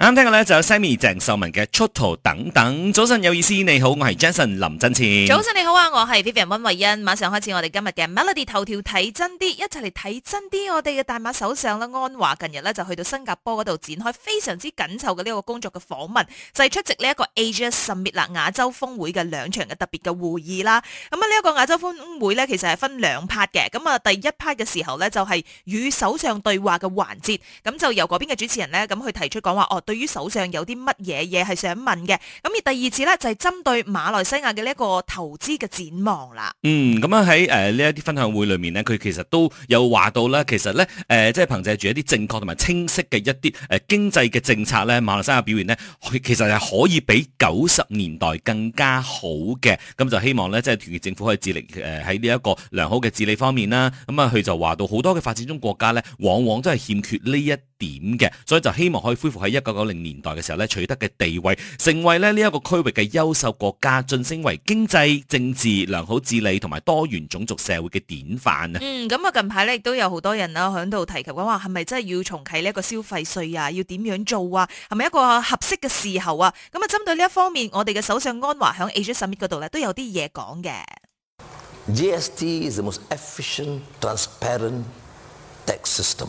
啱聽嘅呢就有 Sammy 鄭秀文嘅出頭等等，早晨有意思，你好，我係 Jason 林振次。早晨你好啊，我係 Vivian 温慧欣。馬上開始我哋今日嘅 MELODY 頭條睇真啲，一齊嚟睇真啲我哋嘅大馬首相啦。安華近日呢，就去到新加坡嗰度展開非常之緊湊嘅呢個工作嘅訪問，就係出席呢一個 Asia Summit 啦亞洲峰會嘅兩場嘅特別嘅會議啦。咁啊呢一個亞洲峰會呢，其實係分兩 part 嘅，咁啊第一 part 嘅時候呢，就係與首相對話嘅環節，咁就由嗰邊嘅主持人呢，咁去提出講話，哦對於手上有啲乜嘢嘢係想問嘅？咁而第二次呢，就係、是、針對馬來西亞嘅呢個個投資嘅展望啦。嗯，咁啊喺誒呢一啲分享會裏面呢，佢其實都有話到啦，其實呢，誒即係憑借住一啲正確同埋清晰嘅一啲誒、呃、經濟嘅政策呢，馬來西亞表現呢，佢其實係可以比九十年代更加好嘅。咁、嗯、就希望呢，即、就、係、是、團結政府可以致力誒喺呢一個良好嘅治理方面啦。咁啊佢就話到好多嘅發展中國家呢，往往都係欠缺呢一。點嘅，所以就希望可以恢復喺一九九零年代嘅時候咧取得嘅地位，成為咧呢一個區域嘅優秀國家，晉升為經濟、政治良好治理同埋多元種族社會嘅典範啊！嗯，咁啊近排咧亦都有好多人啦響度提及緊話係咪真係要重啟呢一個消費稅啊？要點樣做啊？係咪一個合適嘅時候啊？咁啊針對呢一方面，我哋嘅首相安華響 Age Summit 嗰度咧都有啲嘢講嘅。GST is the most efficient, transparent tax system.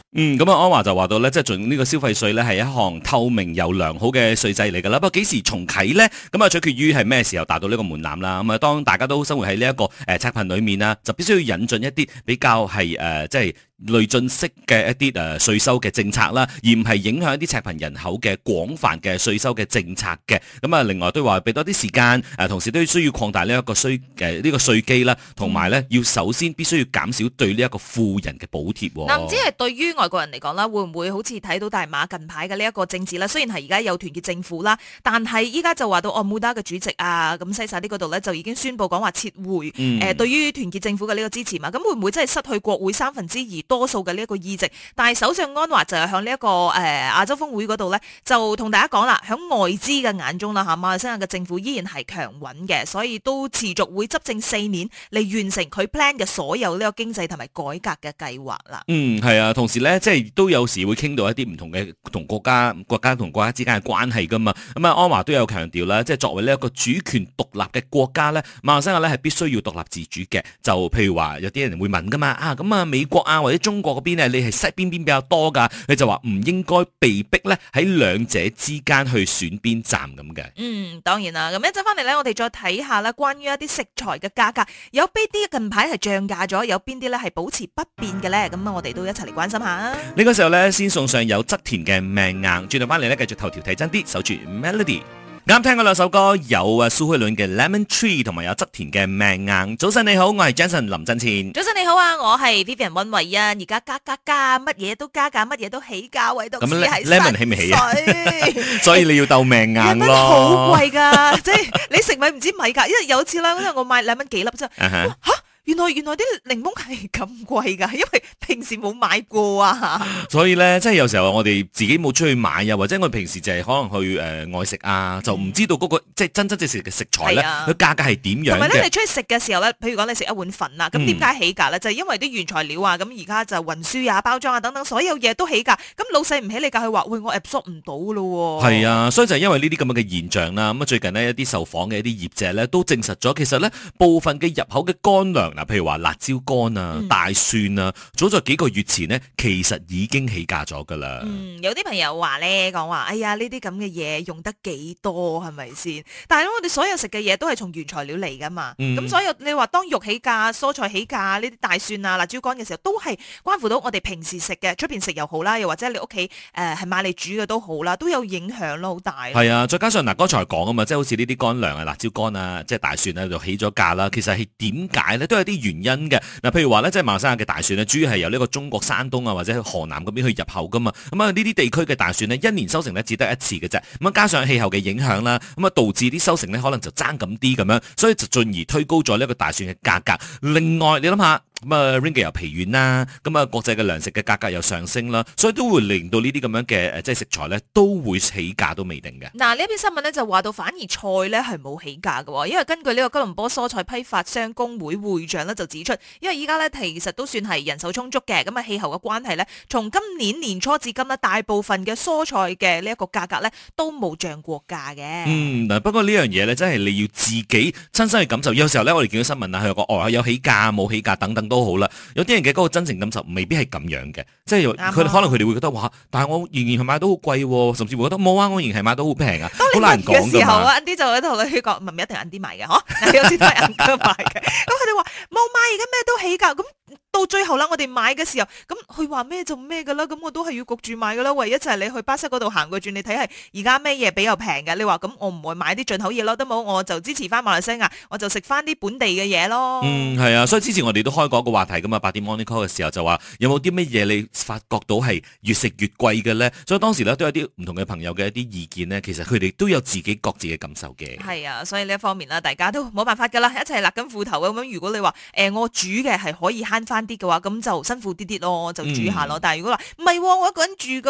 嗯，咁、嗯、啊、嗯嗯、安華就話到咧，即係進呢個消費稅咧係一項透明又良好嘅稅制嚟噶啦，不過幾時重啟咧？咁、嗯、啊，取決於係咩時候達到呢個門檻啦。咁、嗯、啊，當大家都生活喺呢一個誒、呃、赤貧裏面啦，就必須要引進一啲比較係誒、呃、即係累進式嘅一啲誒稅收嘅政策啦，而唔係影響一啲赤貧人口嘅廣泛嘅稅收嘅政策嘅。咁、嗯、啊，另外都話俾多啲時間誒、呃，同時都需要擴大這稅、呃這個、稅呢一個稅誒呢個稅基啦，同埋咧要首先必須要減少對呢一個富人嘅補貼。林係對於外國人嚟講啦，會唔會好似睇到大馬近排嘅呢一個政治啦？雖然係而家有團結政府啦，但係依家就話到安穆達嘅主席啊，咁西沙呢個度咧就已經宣佈講話撤回，誒、嗯、呃、對於團結政府嘅呢個支持嘛，咁會唔會真係失去國會三分之二多數嘅呢一個議席？但係首相安華就喺呢一個誒亞、呃、洲峰會嗰度咧，就同大家講啦，響外資嘅眼中啦，吓馬來西亞嘅政府依然係強穩嘅，所以都持續會執政四年嚟完成佢 plan 嘅所有呢個經濟同埋改革嘅計劃啦。嗯，係啊，同時咧。即係都有時會傾到一啲唔同嘅同國家、國家同國家之間嘅關係噶嘛。咁啊，安華都有強調啦，即係作為呢一個主權獨立嘅國家咧，馬來西亞咧係必須要獨立自主嘅。就譬如話有啲人會問噶嘛，啊咁啊美國啊或者中國嗰邊咧，你係 side 邊邊比較多噶？你就話唔應該被逼咧喺兩者之間去選邊站咁嘅。嗯，當然啦。咁一陣返嚟咧，我哋再睇下咧，關於一啲食材嘅價格，有邊啲近排係漲價咗，有邊啲咧係保持不變嘅咧？咁啊，我哋都一齊嚟關心下。呢個時候咧，先送上有側田嘅命硬，轉頭翻嚟咧繼續頭條睇真啲，守住 Melody。啱聽嗰兩首歌，有啊蘇慧倫嘅 Lemon Tree，同埋有側田嘅命硬。早晨你好，我係 Jason 林振前。早晨你好啊，我係 Vivian 尹慧啊。而家加加加，乜嘢都加價，乜嘢都起價，唯獨只係 Lemon 起唔起啊？所以你要鬥命硬咯。好貴噶，即係你食米唔知米價，因為有次咧，因為我買兩蚊幾粒啫。吓？原來原來啲檸檬係咁貴噶，因為平時冇買過啊。所以咧，即係有時候我哋自己冇出去買啊，或者我哋平時就係可能去誒外食啊，就唔知道嗰個即係真真正正嘅食材咧，佢價格係點樣嘅。你出去食嘅時候咧，譬如講你食一碗粉啊，咁點解起價咧？就係因為啲原材料啊，咁而家就運輸啊、包裝啊等等，所有嘢都起價。咁老細唔起你價，佢話，喂我 absorb 唔到咯。係啊，所以就係因為呢啲咁樣嘅現象啦。咁啊，最近咧一啲受訪嘅一啲業者咧都證實咗，其實咧部分嘅入口嘅乾糧。嗱，譬如話辣椒乾啊、嗯、大蒜啊，早在幾個月前呢，其實已經起價咗噶啦。嗯，有啲朋友話咧，講話，哎呀，呢啲咁嘅嘢用得幾多，係咪先？但係我哋所有食嘅嘢都係從原材料嚟噶嘛。咁、嗯、所以你話當肉起價、蔬菜起價呢啲大蒜啊、辣椒乾嘅時候，都係關乎到我哋平時食嘅，出邊食又好啦，又或者你屋企誒係買嚟煮嘅都好啦，都有影響咯，好大。係啊，再加上嗱，剛才講啊嘛，即、就、係、是、好似呢啲乾糧啊、辣椒乾啊，即係大蒜啊，就起咗價啦。其實係點解咧？都係一啲原因嘅。嗱，譬如話咧，即係馬來西亞嘅大蒜咧，主要係由呢個中國山東啊或者去河南嗰邊去入口噶嘛，咁啊呢啲地區嘅大蒜咧，一年收成咧只得一次嘅啫，咁啊加上氣候嘅影響啦，咁啊導致啲收成咧可能就爭咁啲咁樣，所以就進而推高咗呢個大蒜嘅價格。另外，你諗下。咁啊，ring 嘅又疲軟啦，咁、嗯、啊國際嘅糧食嘅價格又上升啦，所以都會令到呢啲咁樣嘅即係食材咧都會起價都未定嘅。嗱呢篇新聞咧就話到，反而菜咧係冇起價喎，因為根據呢個吉隆坡蔬菜批發商公會會長咧就指出，因為依家咧其實都算係人手充足嘅，咁啊氣候嘅關係咧，從今年年初至今呢，大部分嘅蔬菜嘅呢一個價格咧都冇漲過價嘅。嗯，不過呢樣嘢咧真係你要自己親身去感受，有時候咧我哋見到新聞啊，佢有個外、哎、有起價冇起價等等。都好啦，有啲人嘅嗰個真正感受未必係咁樣嘅，即係佢、嗯啊、可能佢哋會覺得話，但係我仍然係買到好貴，甚至會覺得冇啊！我仍然係買到好平啊。難講嘅時候啊，啲就喺度同你講，唔係唔一定啲買嘅，嚇， 有啲真係啱啱買嘅。咁佢哋話冇買，而家咩都起噶咁。最後啦，我哋買嘅時候，咁佢話咩就咩噶啦，咁我都係要焗住買噶啦。喂，一齊你去巴西嗰度行個轉，你睇下而家咩嘢比較平嘅？你話咁，我唔會買啲進口嘢咯，得冇？我就支持翻馬來西亞，我就食翻啲本地嘅嘢咯。嗯，係啊，所以之前我哋都開過一個話題噶嘛，八點 on the call 嘅時候就話有冇啲咩嘢你發覺到係越食越貴嘅咧？所以當時咧都有啲唔同嘅朋友嘅一啲意見咧，其實佢哋都有自己各自嘅感受嘅。係啊，所以呢一方面啦，大家都冇辦法噶啦，一齊勒緊褲頭嘅咁樣。如果你話誒、呃、我煮嘅係可以慳翻啲。嘅話咁就辛苦啲啲咯，就住下咯、嗯。但係如果話唔係，我一個人住喎。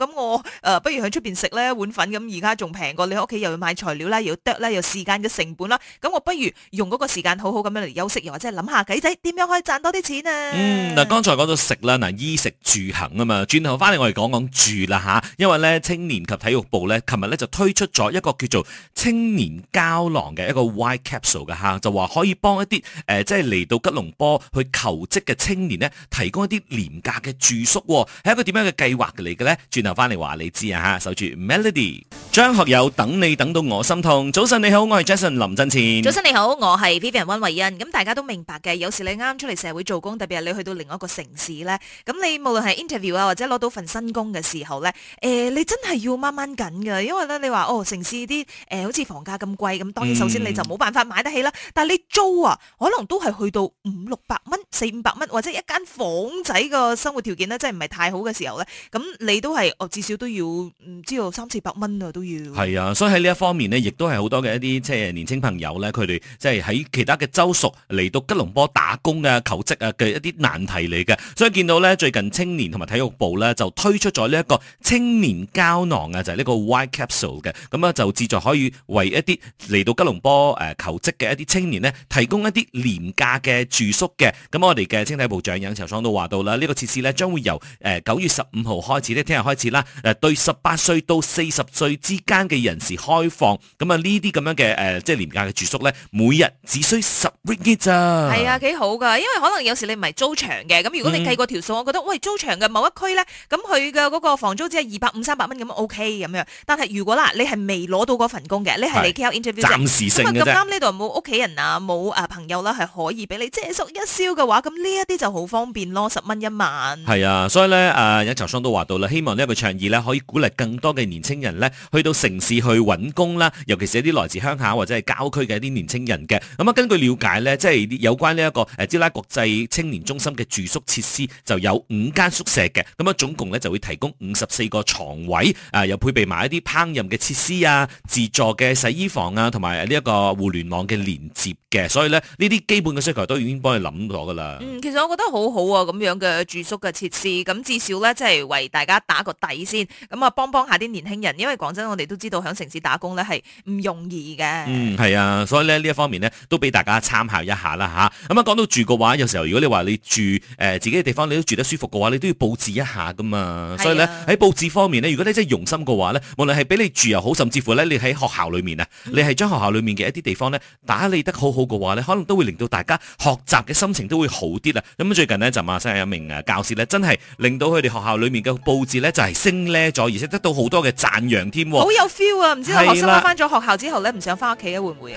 咁我、呃、不如去出面食咧碗粉咁。而家仲平過你喺屋企又要買材料啦，又要得啦，又時間嘅成本啦。咁我不如用嗰個時間好好咁樣嚟休息，又或者諗下計仔點樣可以賺多啲錢啊？嗯，嗱、呃，剛才講到食啦，嗱、呃，衣食住行啊嘛。轉頭翻嚟我哋講講住啦吓，因為咧青年及體育部咧，琴日咧就推出咗一個叫做青年膠囊嘅一個 Y Capsule 嘅嚇，就話可以幫一啲、呃、即係嚟到吉隆坡去求職嘅青。今年咧提供一啲廉價嘅住宿，係一個點樣嘅計劃嚟嘅咧？轉頭翻嚟話你知啊吓，守住 Melody，張學友等你等到我心痛。早晨你好，我係 Jason 林振前。早晨你好，我係 Vivian 溫慧欣。咁大家都明白嘅，有時你啱出嚟社會做工，特別係你去到另外一個城市咧，咁你無論係 interview 啊，或者攞到份新工嘅時候咧，誒，你真係要掹掹緊噶，因為咧你話哦，城市啲誒，好似房價咁貴，咁當然首先你就冇辦法買得起啦，但係你租啊，可能都係去到五六百蚊、四五百蚊或者。一間房仔個生活條件咧，真係唔係太好嘅時候咧，咁你都係哦，至少都要唔知道三四百蚊啊，都要。係啊，所以喺呢一方面呢，亦都係好多嘅一啲即係年青朋友咧，佢哋即係喺其他嘅州屬嚟到吉隆坡打工啊、求職啊嘅一啲難題嚟嘅。所以見到咧，最近青年同埋體育部咧就推出咗呢一個青年膠囊啊，就係呢個 Y Capsule 嘅，咁啊就自助可以為一啲嚟到吉隆坡誒、啊、求職嘅一啲青年呢，提供一啲廉價嘅住宿嘅。咁我哋嘅青體部。長影巢爽都話到啦，這個、設呢個設施咧將會由誒九、呃、月十五號開始咧，聽日開始啦，誒、呃、對十八歲到四十歲之間嘅人士開放。咁啊呢啲咁樣嘅誒、呃、即係廉價嘅住宿咧，每日只需十 ringgit 咋？係啊，幾好噶，因為可能有時你唔係租長嘅，咁如果你計過條數、嗯，我覺得喂租長嘅某一區咧，咁佢嘅嗰個房租只係二百五三百蚊咁，OK 咁樣。但係如果啦，你係未攞到嗰份工嘅，你係嚟 K L interview 暫時性嘅。咁啱呢度冇屋企人啊，冇啊朋友啦、啊，係可以俾你借宿一宵嘅話，咁呢一啲。就好方便咯，十蚊一晚。係啊，所以咧，誒、呃，有巢商都話到啦，希望呢一個倡議咧，可以鼓勵更多嘅年青人咧，去到城市去揾工啦，尤其是一啲來自鄉下或者係郊區嘅一啲年青人嘅。咁、嗯、啊，根據了解咧，即係有關呢、這、一個誒，支、呃、拉國際青年中心嘅住宿設施就有五間宿舍嘅，咁、嗯、啊，總共咧就會提供五十四個床位，啊、呃，又配備埋一啲烹飪嘅設施啊，自助嘅洗衣房啊，同埋呢一個互聯網嘅連接嘅。所以咧，呢啲基本嘅需求都已經幫你諗咗噶啦。嗯，其實覺得好好啊！咁樣嘅住宿嘅設施，咁至少呢，即係為大家打個底先，咁啊，幫幫下啲年輕人。因為講真，我哋都知道響城市打工呢係唔容易嘅。嗯，係啊，所以呢，呢一方面呢，都俾大家參考一下啦吓。咁啊，講到住嘅話，有時候如果你話你住誒、呃、自己嘅地方，你都住得舒服嘅話，你都要布置一下噶嘛、啊。所以呢，喺布置方面呢，如果你真係用心嘅話呢，無論係俾你住又好，甚至乎呢，你喺學校裏面啊、嗯，你係將學校裏面嘅一啲地方呢打理得好好嘅話呢，可能都會令到大家學習嘅心情都會好啲啦。咁最近咧就馬新有一名誒教師咧，真係令到佢哋學校裏面嘅布置咧就係升咧咗，而且得到好多嘅讚揚添。好有 feel 啊！唔知道學生翻咗學校之後咧，唔想翻屋企嘅會唔會？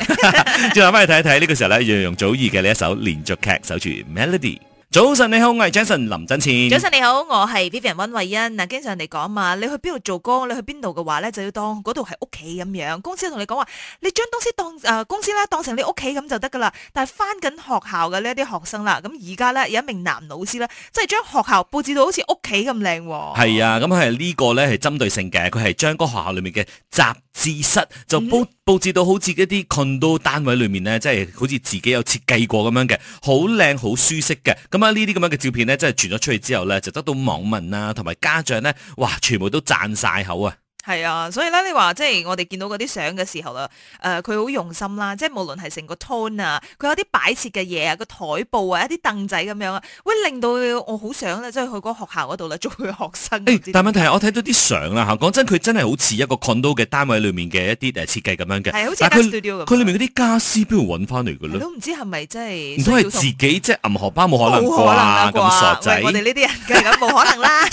再翻去睇一睇呢個時候咧，楊楊祖兒嘅呢一首連續劇守住 melody。早晨你好，我係 Jason 林振前。早晨你好，我係 Vivian 溫慧欣。嗱，經常人哋講啊嘛，你去邊度做工，你去邊度嘅話咧，就要當嗰度係屋企咁樣。公司同你講話，你將、呃、公司當誒，公司咧當成你屋企咁就得噶啦。但係返緊學校嘅呢一啲學生啦，咁而家咧有一名男老師咧，即係將學校布置到好似屋企咁靚。係啊，咁係呢個咧係針對性嘅，佢係將個學校裏面嘅雜誌室就布、嗯、布置到好似一啲 condo 單位裏面咧，即係好似自己有設計過咁樣嘅，好靚好舒適嘅咁。咁呢啲咁樣嘅照片咧，真係傳咗出去之後咧，就得到網民啊同埋家長咧，哇，全部都讚晒口啊！係啊，所以咧，你話即係我哋見到嗰啲相嘅時候啊，誒、呃，佢好用心啦，即係無論係成個 tone 啊，佢有啲擺設嘅嘢啊，個台布啊，一啲凳仔咁樣啊，喂，令到我好想啦，即、就、係、是、去嗰個學校嗰度啦，捉佢學生。欸、但問題係我睇到啲相啦吓，講真的，佢真係好似一個 condo 嘅單位裏面嘅一啲誒設計咁樣嘅，係好似家私咁。佢裏面嗰啲家私邊度搵翻嚟嘅咧？都唔知係咪真係？唔通係自己即係銀荷包冇可能啩？咁傻仔，我哋呢啲人咁冇可能啦。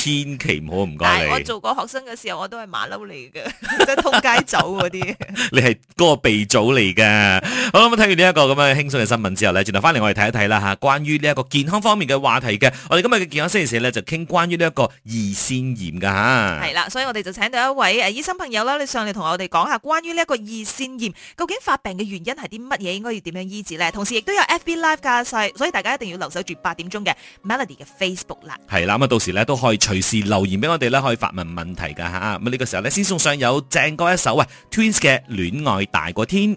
千祈唔好唔該你。我做過學生嘅時候，我都係馬騮嚟嘅，即係通街走嗰啲。你係嗰個鼻祖嚟噶。好啦，咁睇完呢一個咁嘅輕鬆嘅新聞之後咧，轉頭翻嚟我哋睇一睇啦吓，關於呢一個健康方面嘅話題嘅。我哋今日嘅健康星期四咧就傾關於呢一個胰腺炎嘅吓。係啦，所以我哋就請到一位誒醫生朋友啦，你上嚟同我哋講下關於呢一個胰腺炎，究竟發病嘅原因係啲乜嘢，應該要點樣醫治咧？同時亦都有 FB Live 噶，所以大家一定要留守住八點鐘嘅 Melody 嘅 Facebook 啦。係啦，咁啊到時咧都可以。隨時留言俾我哋啦，可以發問問題噶吓。咁呢個時候咧，先送上有正哥一首啊 Twins 嘅《戀愛大過天》。